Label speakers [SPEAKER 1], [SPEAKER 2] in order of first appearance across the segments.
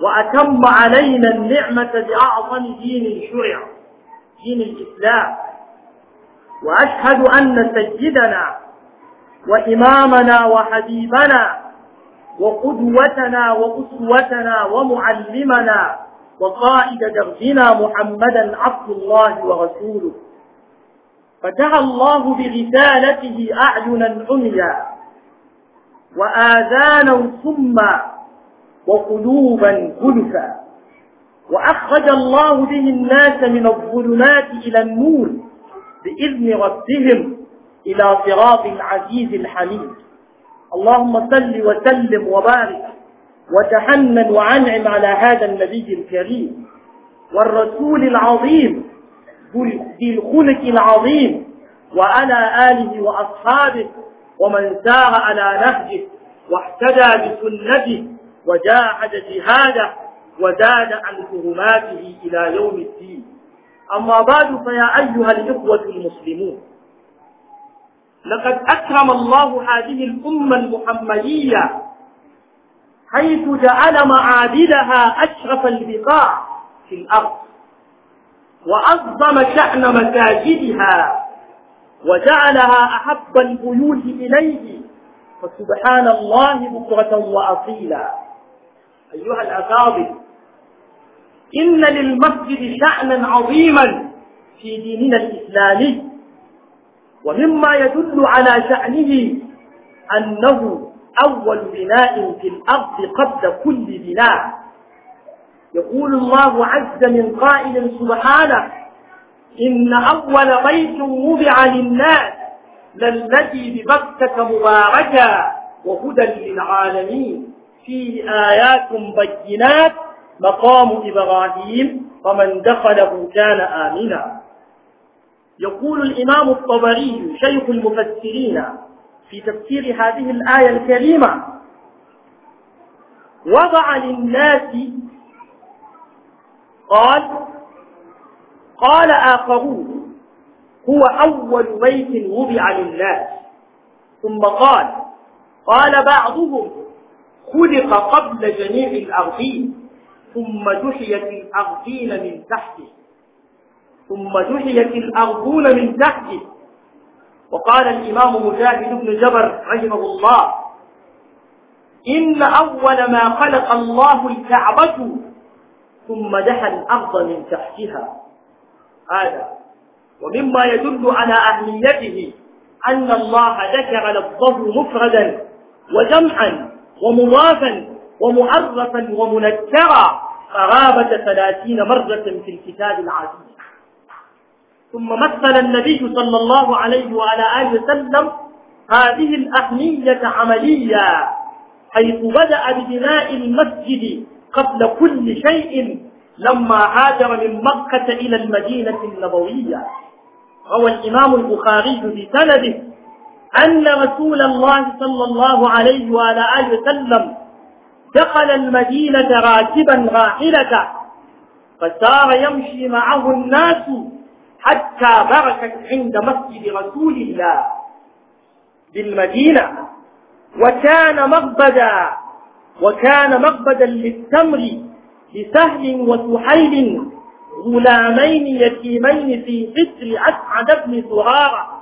[SPEAKER 1] وأتم علينا النعمة بأعظم دين شرع دين الإسلام وأشهد أن سيدنا وإمامنا وحبيبنا وقدوتنا وأسوتنا ومعلمنا وقائد دربنا محمدا عبد الله ورسوله فتح الله برسالته أعينا عميا وآذانا صما وقلوبا كلفا وأخرج الله به الناس من الظلمات إلى النور بإذن ربهم إلى صراط العزيز الحميد اللهم صل وسلم وبارك وتحنن وأنعم على هذا النبي الكريم والرسول العظيم ذي الخلق العظيم وعلى آله وأصحابه ومن سار على نهجه واحتدى بسنته وجاهد جهاده وزاد عن كرماته إلى يوم الدين أما بعد فيا أيها الإخوة المسلمون لقد أكرم الله هذه الأمة المحمدية حيث جعل معابدها أشرف البقاع في الأرض وعظم شأن مساجدها وجعلها أحب البيوت إليه فسبحان الله بكرة وأصيلا أيها الأفاضل إن للمسجد شأنا عظيما في ديننا الإسلامي ومما يدل على شأنه أنه أول بناء في الأرض قبل كل بناء يقول الله عز من قائل سبحانه إن أول بيت وضع للناس للذي ببكة مباركا وهدى للعالمين فيه آيات بينات مقام إبراهيم ومن دخله كان آمنا يقول الإمام الطبري شيخ المفسرين في تفسير هذه الآية الكريمة وضع للناس قال قال آخرون هو أول بيت وضع للناس ثم قال قال بعضهم خلق قبل جميع الأرضين ثم دحيت الأرضين من تحته ثم دحيت الأرضون من تحته وقال الإمام مجاهد بن جبر رحمه الله إن أول ما خلق الله الكعبة ثم دحى الأرض من تحتها هذا ومما يدل على أهميته أن الله ذكر لفظه مفردا وجمعا ومضافا ومعرفا ومنكرا قرابة ثلاثين مرة في الكتاب العزيز ثم مثل النبي صلى الله عليه وعلى آله وسلم هذه الأهمية عملية حيث بدأ ببناء المسجد قبل كل شيء لما هاجر من مكة إلى المدينة النبوية روى الإمام البخاري بسنده أن رسول الله صلى الله عليه وعلى آله وسلم دخل المدينة راكبا راحلته فسار يمشي معه الناس حتى بركت عند مسجد رسول الله بالمدينة وكان مقبدا وكان مقبدا للتمر لسهل وسحيل غلامين يتيمين في فطر أسعد بن زرارة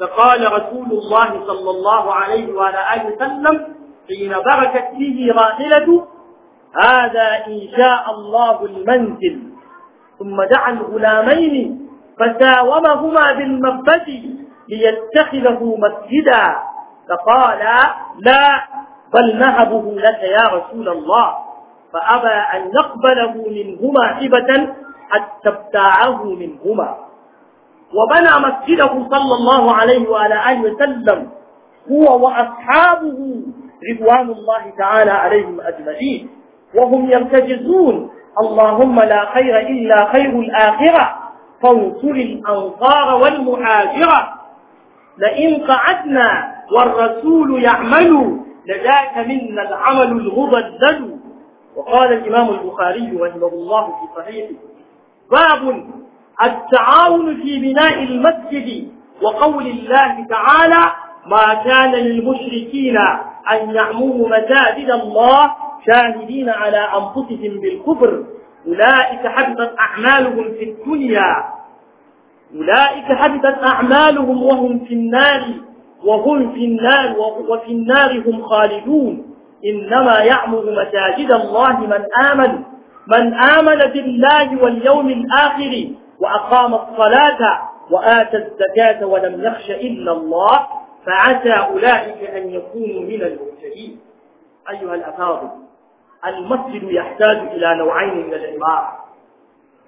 [SPEAKER 1] فقال رسول الله صلى الله عليه وعلى آله وسلم حين بركت فيه راحلته هذا إن شاء الله المنزل ثم دعا الغلامين فساومهما بالمبت ليتخذه مسجدا فقال لا بل نهبه لك يا رسول الله فأبى أن نقبله منهما هبة حتى ابتاعه منهما وبنى مسجده صلى الله عليه وعلى آله وسلم هو وأصحابه رضوان الله تعالى عليهم أجمعين وهم يرتجزون اللهم لا خير إلا خير الآخرة فانصر الأنصار والمهاجرة لئن قعدنا والرسول يعمل لذاك منا العمل المضلل وقال الإمام البخاري رحمه الله في صحيحه باب التعاون في بناء المسجد وقول الله تعالى ما كان للمشركين أن يعموه مساجد الله شاهدين على أنفسهم بالكفر أولئك حبطت أعمالهم في الدنيا أولئك حبطت أعمالهم وهم في النار وهم في النار وفي النار هم خالدون إنما يعمر مساجد الله من آمن من آمن بالله واليوم الآخر وأقام الصلاة وآتى الزكاة ولم يخش إلا الله فعسى أولئك أن يكونوا من المهتدين أيها الأفاضل المسجد يحتاج إلى نوعين من العمارة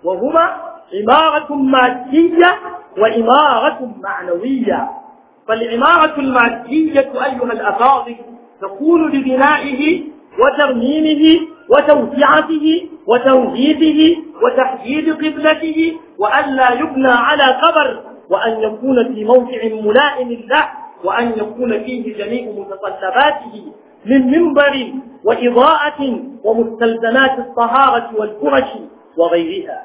[SPEAKER 1] وهما عمارة مادية وعمارة معنوية فالعمارة المادية أيها الأفاضل تكون لبنائه وترميمه وتوسعته وتوحيده وتحديد قبلته وألا يبنى على قبر وأن يكون في موضع ملائم له وأن يكون فيه جميع متطلباته من منبر وإضاءة ومستلزمات الطهارة والفرش وغيرها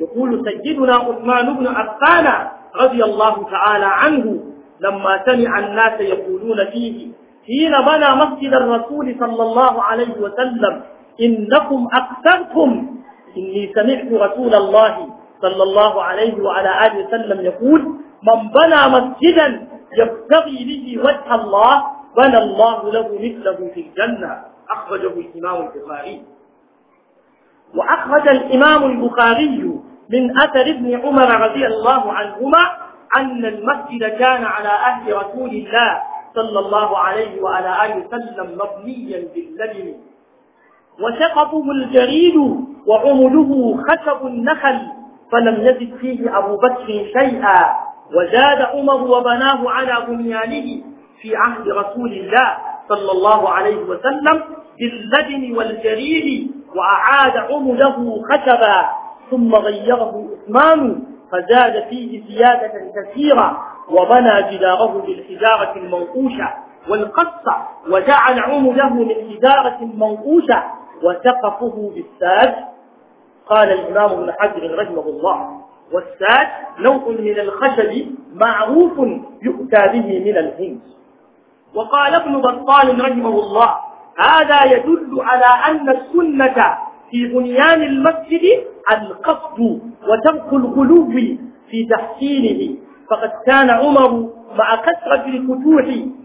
[SPEAKER 1] يقول سيدنا عثمان بن عفان رضي الله تعالى عنه لما سمع الناس يقولون فيه حين بنى مسجد الرسول صلى الله عليه وسلم إنكم أكثرتم إني سمعت رسول الله صلى الله عليه وعلى آله وسلم يقول من بنى مسجدا يبتغي به وجه الله بنى الله له مثله في الجنة أخرجه الإمام البخاري وأخرج الإمام البخاري من أثر ابن عمر رضي الله عنهما أن المسجد كان على أهل رسول الله صلى الله عليه وعلى آله وسلم مبنيا باللبن وشقبه الجريد وعمله خشب النخل فلم يزد فيه أبو بكر شيئا وزاد عمر وبناه على بنيانه في عهد رسول الله صلى الله عليه وسلم باللبن والجريد وأعاد عمله خشبا ثم غيره عثمان فزاد فيه زيادة كثيرة وبنى جداره بالحجارة المنقوشة والقصة وجعل عمله من حجارة منقوشة وثقفه بالساج قال الإمام ابن حجر رحمه الله والساج نوع من الخشب معروف يؤتى به من الهند وقال ابن بطال رحمه الله هذا يدل على أن السنة في بنيان المسجد القصد وترك الغلو في تحسينه فقد كان عمر مع كثرة الفتوح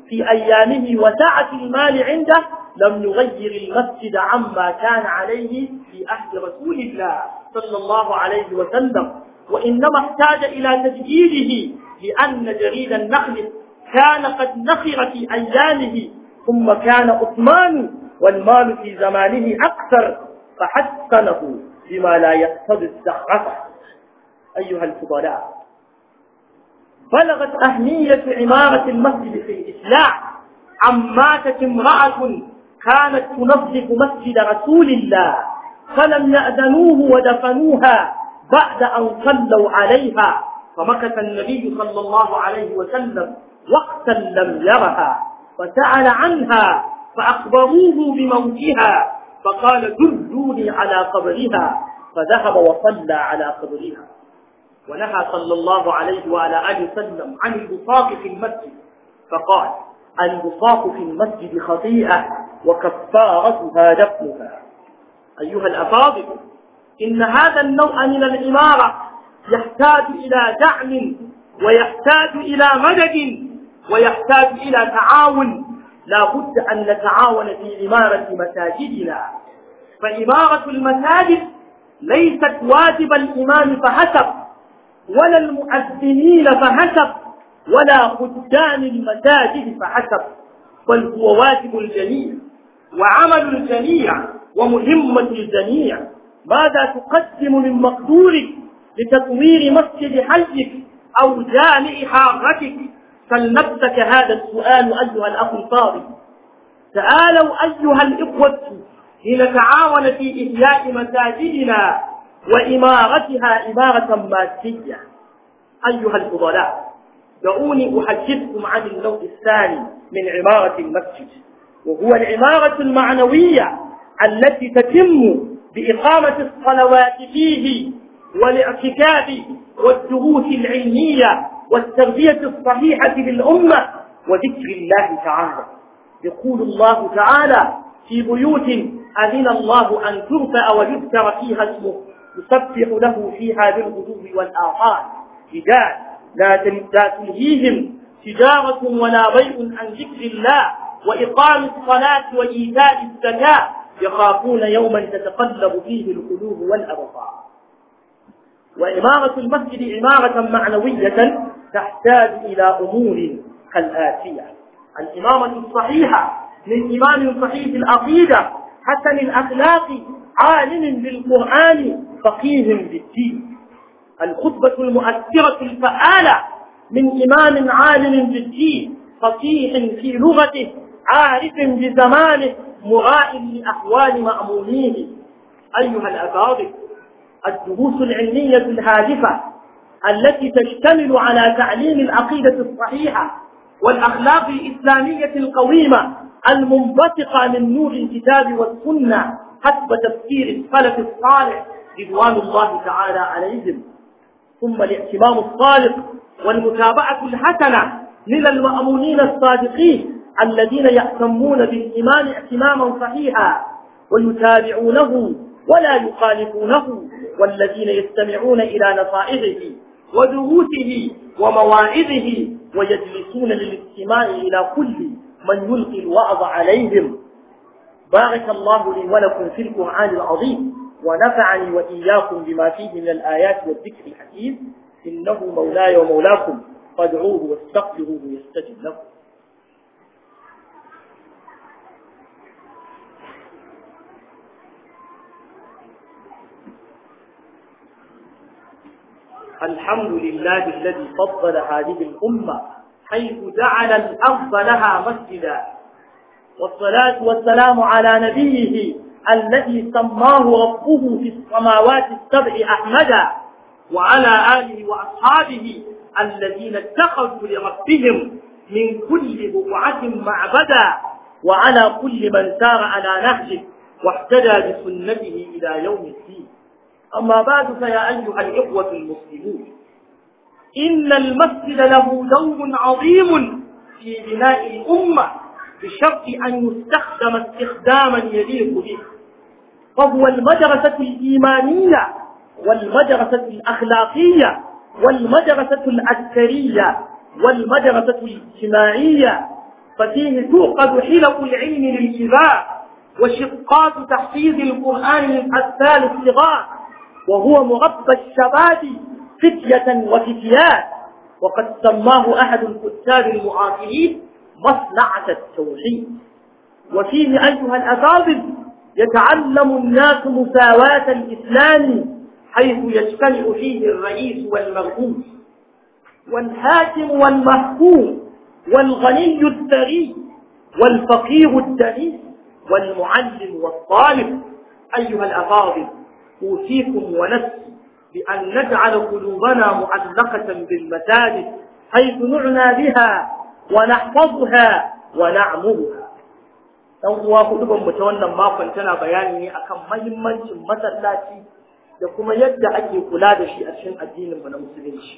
[SPEAKER 1] في أيامه وسعة المال عنده لم يغير المسجد عما كان عليه في عهد رسول الله صلى الله عليه وسلم وإنما احتاج إلى تجديده لأن جريد النخل كان قد نخر في أيامه ثم كان عثمان والمال في زمانه أكثر فحسنه بما لا يقتضي الزخرفة أيها الفضلاء بلغت أهمية عمارة المسجد في الإسلام عن ماتت امرأة كانت تنظف مسجد رسول الله فلم يأذنوه ودفنوها بعد أن صلوا عليها فمكث النبي صلى الله عليه وسلم وقتا لم يرها فسأل عنها فأخبروه بموتها فقال دلوني على قبرها فذهب وصلى على قبرها ونهى صلى الله عليه وعلى آله وسلم عن البصاق في المسجد فقال البصاق في المسجد خطيئة وكفارتها دفنها أيها الأفاضل إن هذا النوع من العمارة يحتاج إلى دعم ويحتاج إلى مدد ويحتاج إلى تعاون لا بد أن نتعاون في عمارة مساجدنا فعمارة المساجد ليست واجب الإمام فحسب ولا المؤذنين فحسب ولا خدام المساجد فحسب بل هو واجب الجميع وعمل الجميع ومهمة الجميع ماذا تقدم من مقدورك لتطوير مسجد حيك أو جامع حارتك فلنبتك هذا السؤال أيها الأخ الفاضل تعالوا أيها الإخوة لنتعاون في إحياء مساجدنا وإمارتها إمارة مادية أيها الفضلاء دعوني أحدثكم عن النوع الثاني من عمارة المسجد وهو العمارة المعنوية التي تتم بإقامة الصلوات فيه والاعتكاف والدروس العلمية والتربية الصحيحة للأمة وذكر الله تعالى يقول الله تعالى في بيوت أذن الله أن ترفع ويذكر فيها اسمه يسبح له فيها بالغدو والآحاد رجال لا تلهيهم تجارة ولا بيع عن ذكر الله وإقام الصلاة وإيتاء الزكاة يخافون يوما تتقلب فيه القلوب والأبصار وعمارة المسجد عمارة معنوية تحتاج إلى أمور كالآتية الإمامة الصحيحة من إمام صحيح العقيدة حسن الأخلاق عالم بالقرآن فقيه بالدين الخطبة المؤثرة الفعالة من إمام عالم بالدين فصيح في لغته عارف بزمانه مغائب لأحوال مأمونيه أيها الأفاضل الدروس العلمية الهادفة التي تشتمل على تعليم العقيدة الصحيحة والأخلاق الإسلامية القويمة المنبثقة من نور الكتاب والسنة حسب تفسير السلف الصالح رضوان الله تعالى عليهم ثم الاهتمام الصادق والمتابعة الحسنة من المأمونين الصادقين الذين يهتمون بالإيمان اهتماما صحيحا ويتابعونه ولا يخالفونه والذين يستمعون إلى نصائحه ودروسه ومواعظه ويجلسون للاستماع إلى كل من يلقي الوعظ عليهم بارك الله لي ولكم في القرآن العظيم ونفعني وإياكم بما فيه من الآيات والذكر الحكيم إنه مولاي ومولاكم فادعوه واستغفروه يستجب لكم الحمد لله الذي فضل هذه الأمة حيث جعل الأرض لها مسجدا والصلاة والسلام على نبيه الذي سماه ربه في السماوات السبع أحمدا وعلى آله وأصحابه الذين اتخذوا لربهم من كل بقعة معبدا وعلى كل من سار على نهجه واحتدى بسنته إلى يوم الدين أما بعد فيا أيها الإخوة المسلمون إن المسجد له دور عظيم في بناء الأمة بشرط أن يستخدم استخداما يليق به فهو المدرسة الإيمانية والمدرسة الأخلاقية والمدرسة العسكرية والمدرسة الاجتماعية ففيه توقد حلق العلم للكبار وشقات تحفيظ القرآن للأطفال الصغار وهو مربى الشباب فتية وفتيات وقد سماه أحد الكتاب المعاصرين مصنعة التوحيد وفيه أيها الأفاضل يتعلم الناس مساواة الإسلام حيث يجتمع فيه الرئيس والمرؤوس والحاكم والمحكوم والغني الثري والفقير الدني والمعلم والطالب أيها الأفاضل أوصيكم ونفسي بأن نجعل قلوبنا معلقة بالمساجد حيث نعنى بها ونحفظها ونعمرها ɗan uwa hudu ban mutu wannan makon tana bayani ne akan mahimmancin masallaci da kuma yadda ake kula da shi a cikin addinin mu na musulunci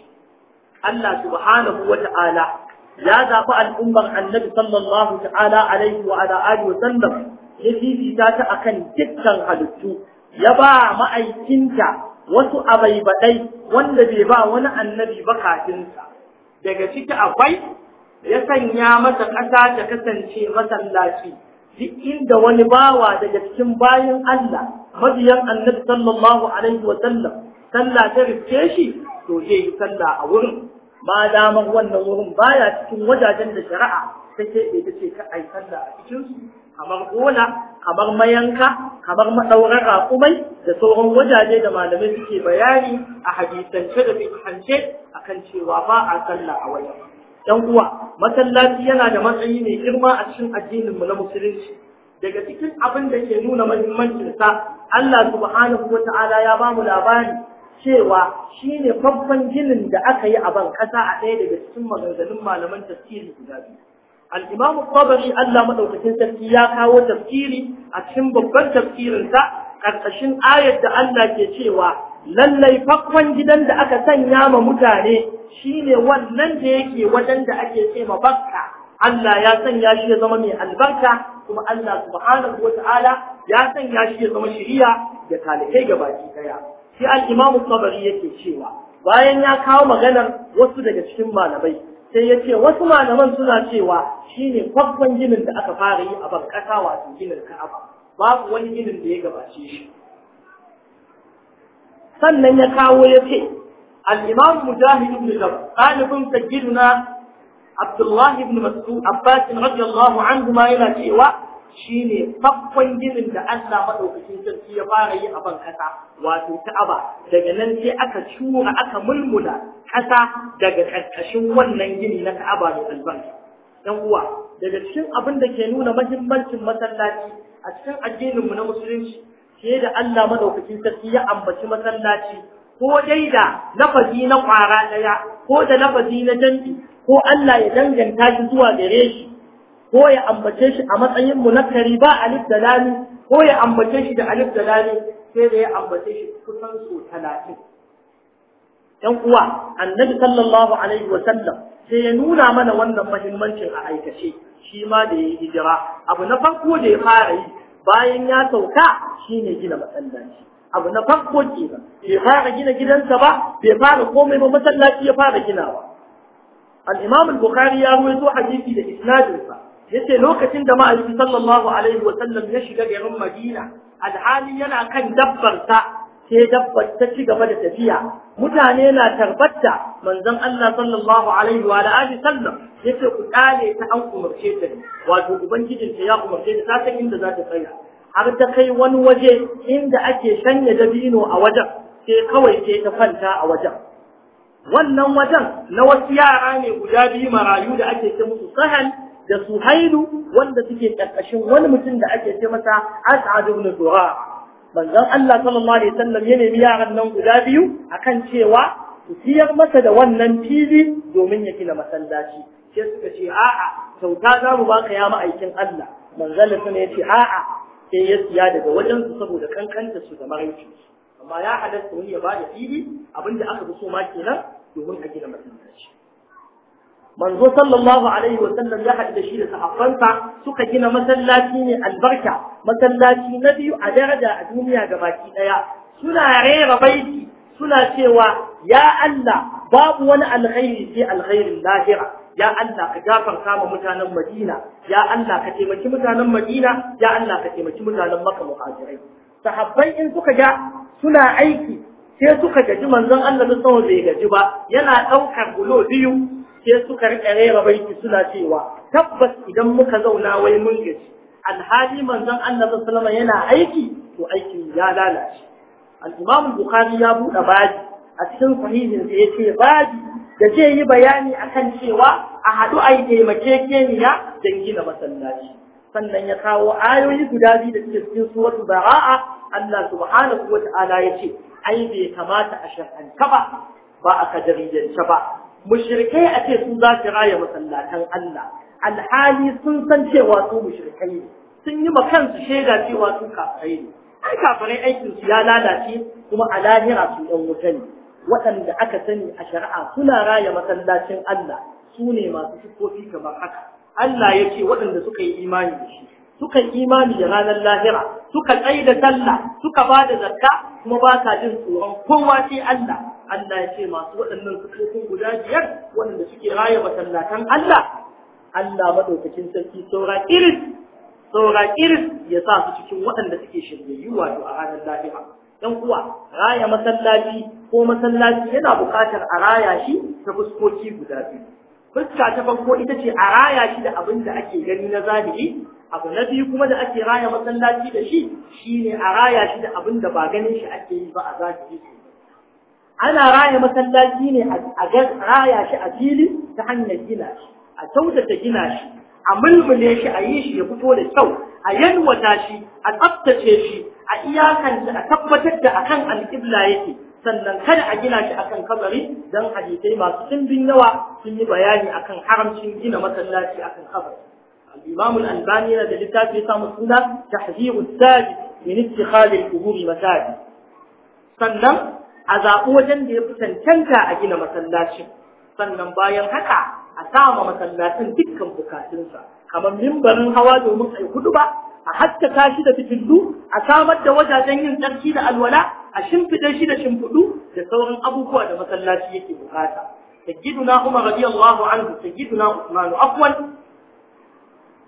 [SPEAKER 1] Allah subhanahu wa ta'ala ya zaɓi al'ummar annabi sallallahu ta'ala alaihi wa ala alihi wa sallam ya fifita ta akan dukkan halittu ya ba ma'aikinta wasu abaibaɗai wanda bai ba wani annabi ba kafinsa daga ciki akwai ya sanya masa ƙasa ta kasance masallaci duk inda wani bawa daga cikin bayan Allah mabiyan annabi sallallahu alaihi wa sallam sallah ta rike shi to zai yi sallah a wurin ma damar wannan wurin baya cikin wajajen da shari'a ta keɓe ta ce ka yi sallah a cikin su kamar ƙona, kamar mayanka kamar maɗaurar raƙumai da sauran wajaje da malamai suke bayani a hadisance da a kan cewa ba a sallah a wajen dan uwa masallaci yana da matsayi mai girma a cikin addinin mu na musulunci daga cikin abin da ke nuna muhimmancinsa Allah subhanahu wa ta'ala ya ba mu labari cewa shi ne babban ginin da aka yi a ban ƙasa a ɗaya daga cikin maganganun malaman tafsiri guda biyu. Al'imam Tabari Allah maɗaukakin sarki ya kawo tafsiri a cikin babban tafsirinsa ƙarƙashin ayar da Allah ke cewa lallai babban gidan da aka sanya ma mutane shi ne wannan da yake wajen da ake ce ma bakka. Allah ya sanya shi ya zama mai albarka kuma Allah subhanahu wa ta'ala ya sanya shi ya zama shiriya da talibai ga baki daya shi al-imam tabari yake cewa bayan ya kawo maganar wasu daga cikin malamai sai ya ce wasu malaman suna cewa shine kwakwan ginin da aka fara yi a ban kasa wato ginin Ka'aba babu wani ginin da ya gabace shi sannan ya kawo ya ce al-imam mujahid ibn jabr ɗalibin sayyiduna Abdullahi ibn Mas'ud Abbas radiyallahu anhu yana cewa shine farkon ginin da Allah maɗaukacin sarki ya fara yi a ban kasa wato ta'aba daga nan sai aka cura aka mulmula kasa daga ƙarƙashin wannan gini na Ka'aba da albarka dan uwa daga cikin abin da ke nuna mahimmancin masallaci a cikin addininmu na musulunci sai da Allah maɗaukacin sarki ya ambaci masallaci ko dai da lafazi na kwara daya ko da lafazi na dangi ko Allah ya danganta shi zuwa gare shi ko ya ambace shi a matsayin munakkari ba alif da lami ko ya ambace shi da alif da lami sai da ya ambace shi kusan su talatin ‘yan uwa annabi sallallahu alaihi wa sallam, sai ya nuna mana wannan mahimmancin a aikace shi ma da ya yi hijira abu na farko da ya fara yi bayan ya sauka shine gina masallaci abu na farko kenan bai fara gina gidansa ba bai fara komai ba masallaci ya fara ginawa al-imam bukhari ya ruwaito hadisi da isnadinsa. Ya ce lokacin da ma'aiki sallallahu alaihi wa sallam ya shiga garin Madina alhali yana kan dabbar ta sai dabbar ta ci gaba da tafiya mutane na tarbarta. manzon Allah sallallahu alaihi wa alihi sallam yace ku kale ta an umarce ta wato ubangijin ta ya umarce ta ta inda za ta tsaya har ta kai wani waje inda ake shanya dabino a wajen sai kawai ke ta fanta a wajen wannan wajen na wasu yara ne guda biyu marayu da ake ce musu sahal da su hailu wanda suke karkashin wani mutum da ake ce masa as'ad ibn zura manzon Allah sallallahu alaihi wasallam ya nemi yaran nan guda biyu akan cewa su siyar masa da wannan fili domin ya gina masallaci sai suka ce a'a kyauta za mu baka ya ma'aikin Allah manzon Allah ya ce a'a sai ya siya daga wajen su saboda kankanta su da maraicinsu amma ya halatta wani ya ba da fili abinda aka fi so ma kenan domin a gina masallaci manzo sallallahu alaihi wa sallam ya haɗu da shi da sahabbansa suka gina masallaci ne albarka masallaci na biyu a daraja a duniya ga baki ɗaya suna rera baiti suna cewa ya Allah babu wani alkhairi sai alkhairin lahira ya Allah ka gafarta ma mutanen Madina ya Allah ka taimaki mutanen Madina ya Allah ka taimaki mutanen Makka muhajirai sahabbai in suka ga suna aiki sai suka gaji manzon Allah na sama bai gaji ba yana ɗaukar gulo biyu sai suka riƙa rera baiti suna cewa tabbas idan muka zauna wai mun gaji alhali manzon Allah na sama yana aiki to aikin ya lalace al-Imam Bukhari ya buɗe baji a cikin sahihin sa yace baji da zai yi bayani akan cewa a haɗu a yi taimakekeniya don gina masallaci sannan ya kawo ayoyi guda biyu da suke cikin suratul bara'a Allah subhanahu wata'ala yace ai bai kamata a shar'anta ba ba a kadarijance ba mushrikai a ce sun za su raya masallatan Allah alhali sun san cewa su mushrikai ne sun yi ma kansu shaida cewa su kafirai ne ai kafirai aikin su ya lalace kuma a lahira su ɗan wuta ne waɗanda aka sani a shari'a suna raya masallacin Allah su ne masu siffofi kamar haka Allah ya ce waɗanda suka yi imani da shi yi imani da ranar lahira suka tsaye da sallah suka ba da zakka kuma ba sa jin tsoron kowa sai Allah Allah ya ce masu waɗannan sukukun guda biyar waɗanda suke raya masallatan Allah Allah maɗaukakin sarki saura irin saura irin ya sa su cikin waɗanda suke shiryayyu wato a ranar lahira yan uwa raya masallaci ko masallaci yana buƙatar a raya shi ta fuskoki guda biyu fuska ta farko ita ce a raya shi da abin da ake gani na zahiri abu na biyu kuma da ake raya masallaci da shi shine a raya shi da abin da ba ganin shi ake yi ba a zahiri ana raya masallaci ne a raya shi a fili ta hanyar gina shi a kyautata gina shi a mulmule shi a yi shi ya fito da kyau a yanwata shi a tsaftace shi a iyakanta a tabbatar da akan alƙibla yake sannan kada a gina shi akan kabari don hadisai masu ɗimbin yawa sun yi bayani akan haramcin gina masallaci akan kabari al-imam al da littafi ya samu suna tahziru sajid min ittikhadhi al-qubur masajid sannan a zaɓi wajen da ya fi cancanta a gina masallacin sannan bayan haka a sama masallacin dukkan bukatunsa kamar mimbarin hawa domin a yi ba a haskaka shi da fitillu a samar da wajajen yin tsarki da alwala a shimfiɗe shi da shimfiɗu da sauran abubuwa da masallaci yake bukata sayyiduna Umar radiyallahu anhu sayyiduna Usman afwan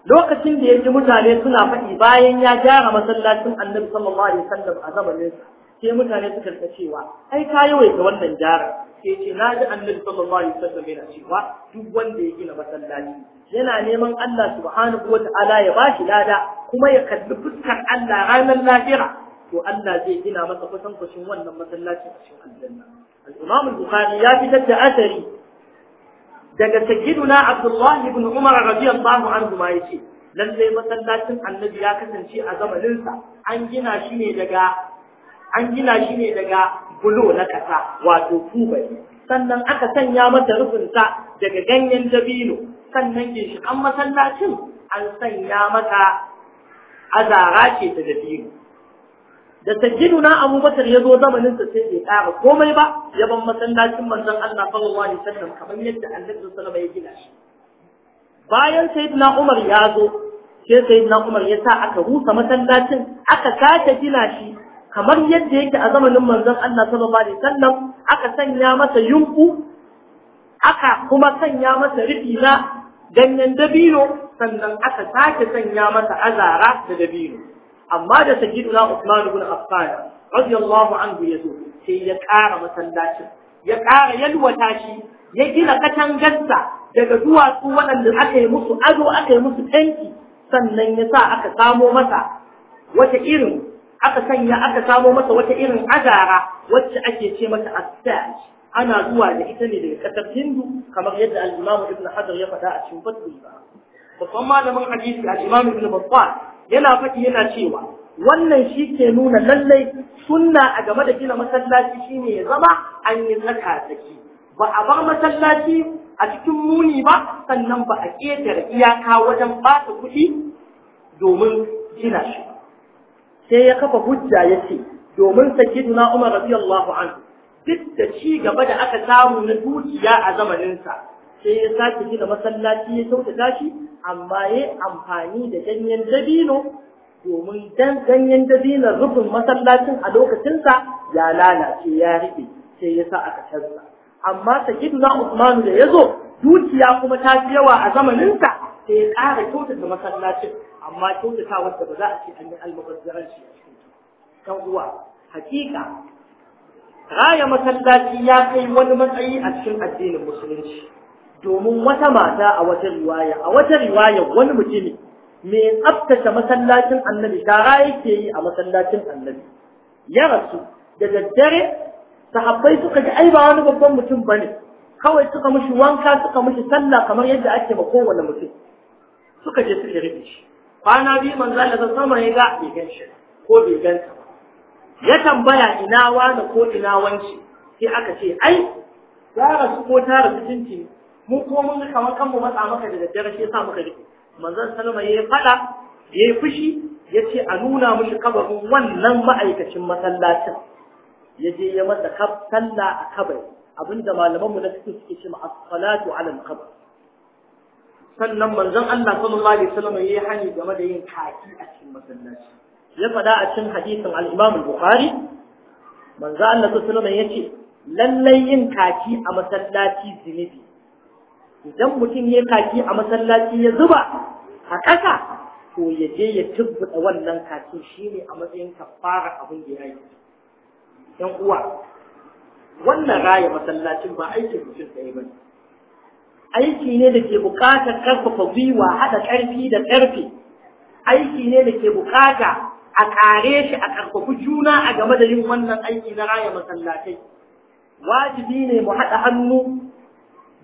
[SPEAKER 1] lokacin da yaji mutane suna faɗi bayan ya gyara masallacin Annabi sallallahu alaihi wasallam a zamanin sai mutane suka cewa ai ka yawaita wannan gyara sai ce na ji annabi sallallahu alaihi wasallam yana cewa duk wanda ya gina masallaci yana neman Allah subhanahu wataala ya bashi lada kuma ya kalli fuskar Allah ranar lahira to Allah zai gina masa kusan kushin wannan masallaci a cikin aljanna al-Imam al-Bukhari ya fitar da asari daga sayyiduna Abdullah ibn Umar radiyallahu anhu ma yace lalle masallacin annabi ya kasance a zamaninsa an gina shi ne daga an gina shi ne daga Kulo na kasa wato tubali sannan aka sanya mata rufinsa daga ganyen dabino sannan ginshiƙan masallacin an sanya mata azara ce ta dabino da abu abubakar ya zo zamanin sa sai bai ƙara komai ba ya ban masallacin manzon Allah sallallahu alaihi wasallam kamar yadda Annabi sallallahu alaihi wasallam ya gina shi bayan sayyidina Umar ya zo sai sayyidina Umar ya sa aka rusa masallacin aka sake gina shi kamar yadda yake a zamanin manzon Allah sallallahu alaihi wasallam aka sanya masa yunku aka kuma sanya masa rufi na ganyen dabino sannan aka sake sanya masa azara da dabino amma da sayyiduna Usman ibn Affan radiyallahu anhu yazo sai ya ƙara masallacin ya ƙara yalwata shi ya gina katangarsa daga duwatsu waɗanda aka yi musu ado aka yi musu tanki sannan ya sa aka samo masa wata irin aka sanya aka samo masa wata irin agara wacce ake ce mata asaj ana zuwa da ita ne daga kasar hindu kamar yadda al ibn hajar ya faɗa a cikin fatul ba babban malamin hadisi al ibn yana faɗi yana cewa wannan shi ke nuna lallai sunna a game da gina masallaci shine ya zama an yi tsaka ba a bar masallaci a cikin muni ba sannan ba a ƙetare iyaka wajen ɓata kuɗi domin gina shi sai ya kafa hujja ya ce domin sakiduna Umar radiyallahu anhu duk da ci gaba da aka samu na dukiya a zamaninsa sai ya sake gina masallaci ya sauke tashi amma ya amfani da ganyen dabino domin dan ganyen dabino rufin masallacin a lokacinsa ya lalace ya rufe sai ya sa aka canza amma sakiduna Usman da ya zo dukiya kuma ta fi yawa a zamaninsa sai ya ƙara kyautata masallacin amma kyautata wadda ba za a ce an yi shi a cikin ta kan uwa hakika raya masallaci ya kai wani matsayi a cikin addinin musulunci domin wata mata a wata riwaya a wata riwaya wani mutumi mai tsaftace masallacin annabi shara yake yi a masallacin annabi ya rasu da daddare sahabbai suka ji ai ba wani babban mutum bane kawai suka mishi wanka suka mishi sallah kamar yadda ake ma kowane mutum suka je suka rufe shi kwana biyu manzo Allah sama ya ga bai gan shi ko bai gan ta ya tambaya ina wani ko ina wanci sai aka ce ai za rasu su ko tara mutunci mu ko mun ga kamar kanmu matsa maka da daddare shi yasa muka rike manzon sallama yayi ya yayi fushi yace a nuna mishi kabarin wannan ma'aikacin masallacin ya je ya masa sallah a kabari abinda malamanmu na cikin suke cewa as-salatu ala al-qabr sannan manzon Allah sallallahu alaihi wasallam yayi hani game da yin kaki a cikin masallaci ya faɗa a cikin hadisin al-Imam al-Bukhari manzon Allah sallallahu alaihi yace lallai yin kaki a masallaci zinubi idan mutum ya kaki a masallaci ya zuba a ƙasa to ya je ya tubbuta wannan kaki shine a matsayin kafara abin da ya yi yan uwa wannan raya masallacin ba aikin mutum ɗaya ba ne aiki ne da ke buƙatar karfafa gwiwa haɗa ƙarfi da ƙarfe aiki ne da ke buƙata a kare shi a ƙarfafi juna a game da yin wannan aiki na raya masallatai wajibi ne mu haɗa hannu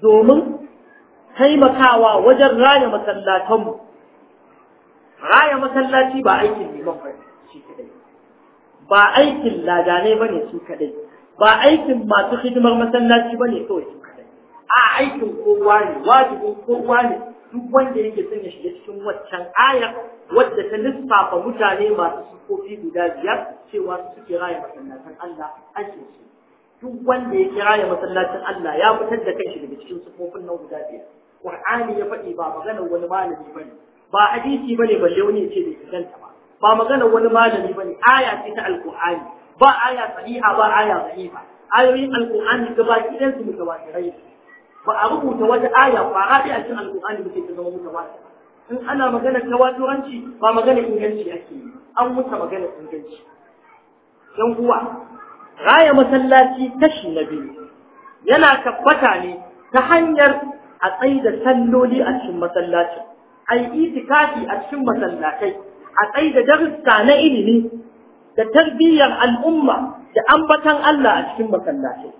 [SPEAKER 1] domin taimakawa wajen raya masallatanmu raya masallaci ba aikin liman ba shi kaɗai. ba aikin ladanai ba ne su kadai ba aikin masu hidimar masallaci ba ne kawai a aikin kowa ne wajibin kowa ne duk wanda yake son ya shiga cikin waccan aya wadda ta lissafa mutane masu sukofi guda biyar cewa su suke raya masallacin Allah ake su duk wanda ya kira ya masallacin Allah ya fitar da kanshi daga cikin sufofin nan guda biyar Qur'ani ya faɗi ba maganar wani malami bane ba hadisi bane balle wani ya ce bai ganta ba ba maganar wani malami bane aya ce ta alqur'ani ba aya sahiha ba aya da'ifa ayoyin alqur'ani gaba ɗayan su mutawatirai ba a rubuta wata aya kwara ɗaya a cikin alƙur'ani ba ta zama mutawatir in ana magana tawaturanci ba magana inganci ake yi an wuce magana inganci yan uwa raya masallaci kashi na biyu yana tabbata ne ta hanyar a tsaida salloli a cikin masallacin a yi itikafi a cikin masallatai a tsaida darussa na ilimi da tarbiyyar al'umma da ambatan Allah a cikin masallatai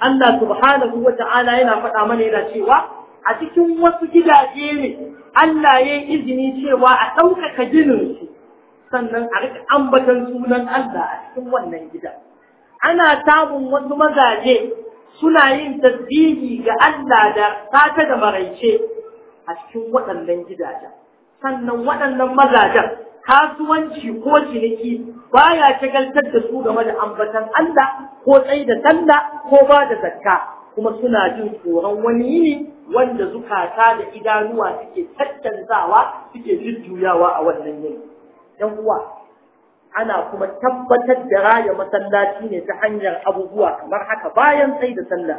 [SPEAKER 1] Allah subhanahu wa ta'ala yana faɗa mana yana cewa a cikin wasu gidaje ne Allah ya yi izini cewa a ɗaukaka ginin su sannan a rika ambatan sunan Allah a cikin wannan gida. Ana samun wasu mazaje suna yin tasbihi ga Allah da sata da maraice a cikin waɗannan gidajen. Sannan waɗannan mazajen kasuwanci ko ciniki ya shagaltar da su game da ambatan Allah ko tsaye da sallah ko ba da zakka kuma suna jin tsoron wani yini wanda zukata da idanuwa suke tattanzawa suke jujjuyawa a wannan yini yan uwa ana kuma tabbatar da raya masallaci ne ta hanyar abubuwa kamar haka bayan tsaye da sallah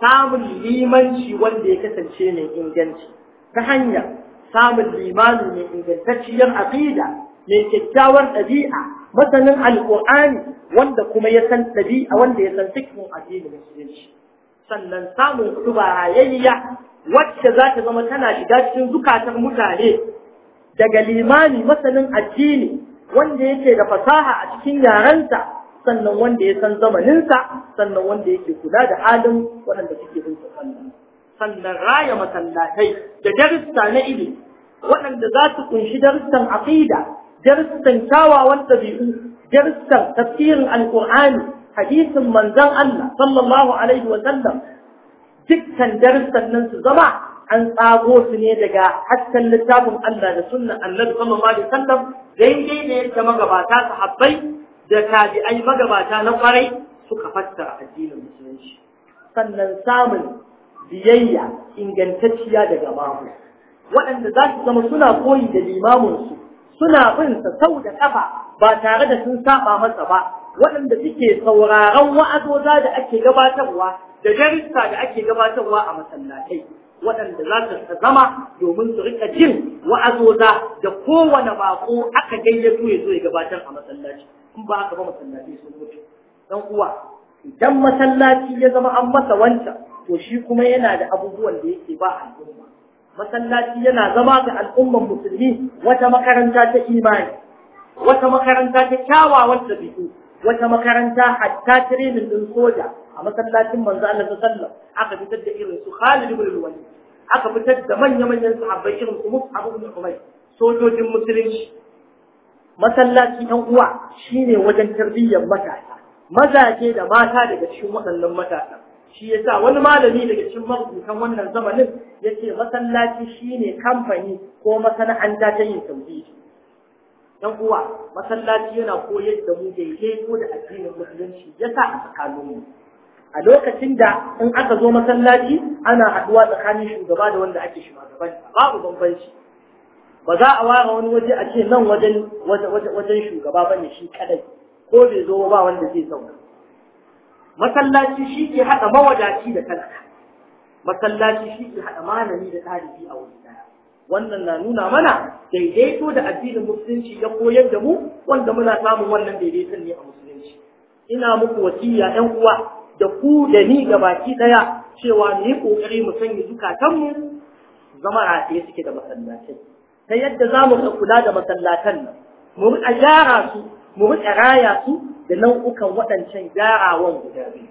[SPEAKER 1] samun limanci wanda ya kasance mai inganci ta hanyar samun limani mai ingantacciyar aqida mai kyakkyawar ɗabi'a masanin alƙur'ani wanda kuma ya san ɗabi'a wanda ya san cikin addinin musulunci sannan samun tubarayayya wacce za ta zama tana shiga cikin zukatan mutane daga limani masanin addini wanda yake da fasaha a cikin yarensa sannan wanda ya san zamaninsa sannan wanda yake kula da halin waɗanda suke bin sannan raya masallatai da darussa na ilimi waɗanda za su kunshi darussan aqida darussan kyawawan ɗabi'u darussan tafsirin alqur'ani hadisin manzon Allah sallallahu alaihi wa sallam dukkan darussan nan su zama an tsago su ne daga hasken littafin Allah da sunnan Annabi sallallahu alaihi wa sallam daidai ne yadda magabata sahabbai da tabi'ai magabata na kwarai suka fassara addinin musulunci sannan samun biyayya ingantacciya daga mamu waɗanda za su zama suna koyi da limaminsu suna bin sa sau da ƙafa ba tare da sun saba masa ba waɗanda suke sauraron wa'azoza da ake gabatarwa da jarista da ake gabatarwa a masallatai waɗanda za su zama domin su rika jin wa'azoza da kowane bako aka gayyato ya zo ya gabatar a masallaci in ba haka ba masallaci sun mutu dan uwa idan masallaci ya zama an masa wancan to shi kuma yana da abubuwan da yake ba al'umma masallaci yana zama ga al'ummar musulmi wata makaranta ta imani wata makaranta ta kyawawan dabi'u wata makaranta hatta training din soja a masallacin manzo Allah sallallahu aka fitar da irin su Khalid ibn Walid aka fitar da manya-manyan sahabbai irin su Mus'ab ibn Umayr sojojin musulunci masallaci ɗan uwa shine wajen tarbiyyar matasa mazaje da mata daga cikin waɗannan matasa shi ya sa wani malami daga cikin marubutan wannan zamanin ya ce masallaci shi ne kamfani ko masana'anta ta yin tauhidi dan uwa masallaci yana koyar da mu daidaito da addinin musulunci ya sa a tsakanin mu a lokacin da in aka zo masallaci ana haɗuwa tsakanin shugaba da wanda ake shugaban babu bambanci ba za a ware wani waje a ce nan wajen wajen shugaba bane shi kadai ko bai zo ba wanda zai sauka masallaci shi ke haɗa mawadaci da talaka masallaci shi ke haɗa malami da ɗalibi a wuri ɗaya wannan na nuna mana daidaito da addinin musulunci ya koyar da mu wanda muna samun wannan daidaiton ne a musulunci ina muku wasiya ɗan uwa da ku da ni ga baki ɗaya cewa mu yi mu sanya mu? zama a tsaye suke da masallatai ta yadda za mu kula da masallatan nan mu riƙa gyara su mu riƙa raya su da nau'ukan waɗancan gyarawan guda biyu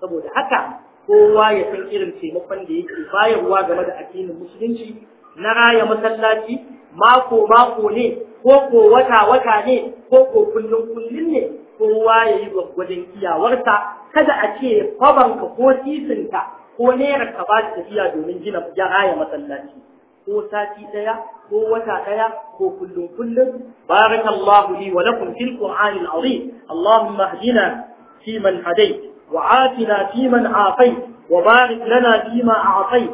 [SPEAKER 1] saboda haka kowa ya san irin taimakon da yake bayarwa game da addinin musulunci na raya masallaci mako mako ne ko ko wata wata ne ko ko kullum kullum ne kowa ya yi gwaggwadon iyawarsa kada a ce kwabanka ko sisinta, ko naira ka ba ta tafiya domin gina ya raya masallaci ko sati daya ko wata daya ko kullum kullum barakallahu li wa lakum fil qur'anil azim allahumma hdina fi man hadayt وعافنا فيمن عافيت وبارك لنا فيما أعطيت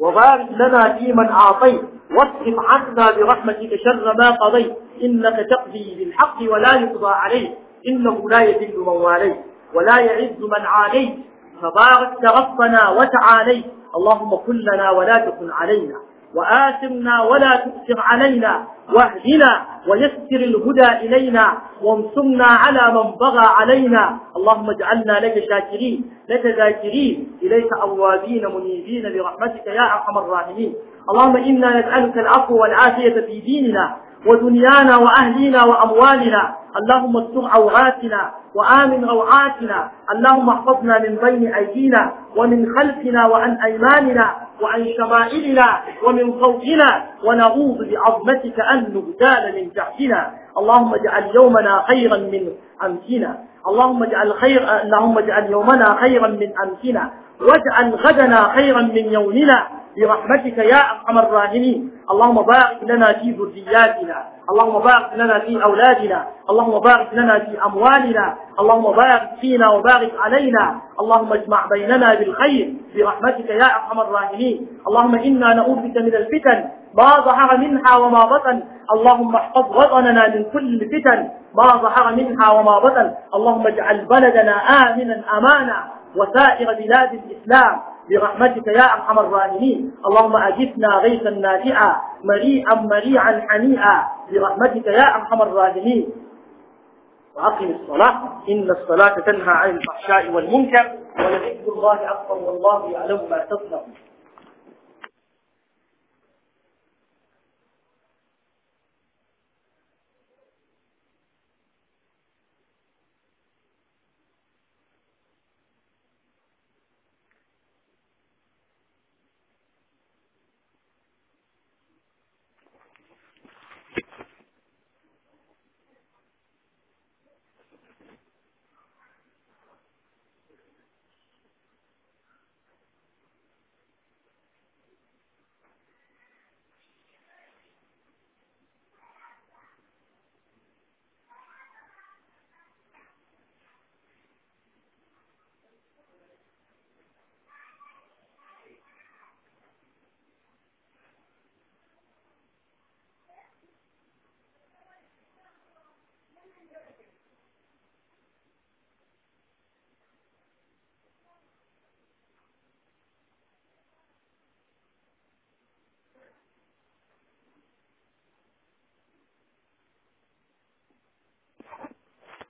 [SPEAKER 1] وبارك لنا فيمن أعطيت واصرف عنا برحمتك شر ما قضيت إنك تقضي بالحق ولا يقضى عليك إنه لا يذل من واليت ولا يعز من عاليت تبارك ربنا وتعاليت اللهم كن لنا ولا تكن علينا وآثرنا ولا تؤثر علينا واهدنا ويسر الهدى إلينا وانصرنا على من بغى علينا اللهم اجعلنا لك شاكرين لك ذاكرين إليك أوابين منيبين برحمتك يا أرحم الراحمين اللهم إنا نسألك العفو والعافية في ديننا ودنيانا وأهلينا وأموالنا اللهم استر عوراتنا وآمن روعاتنا اللهم احفظنا من بين أيدينا ومن خلفنا وعن أيماننا وعن شمائلنا ومن فوقنا ونعوذ بعظمتك أن نبتال من تحتنا اللهم اجعل يومنا خيرا من أمسنا اللهم اجعل خير اللهم اجعل يومنا خيرا من أمسنا واجعل غدنا خيرا من يومنا برحمتك يا أرحم الراحمين اللهم بارك لنا في ذرياتنا اللهم بارك لنا في أولادنا اللهم بارك لنا في أموالنا اللهم بارك فينا وبارك علينا اللهم اجمع بيننا بالخير برحمتك يا أرحم الراحمين اللهم إنا نعوذ بك من الفتن ما ظهر منها وما بطن اللهم احفظ وطننا من كل الفتن ما ظهر منها وما بطن اللهم اجعل بلدنا آمنا أمانا وسائر بلاد الإسلام برحمتك يا أرحم الراحمين اللهم أجثنا غيثا نافعا مريئا مريعا حنيئا برحمتك يا أرحم الراحمين
[SPEAKER 2] وأقم الصلاة
[SPEAKER 1] إن الصلاة تنهى عن الفحشاء والمنكر ولذكر الله أكبر والله يعلم ما تصنعون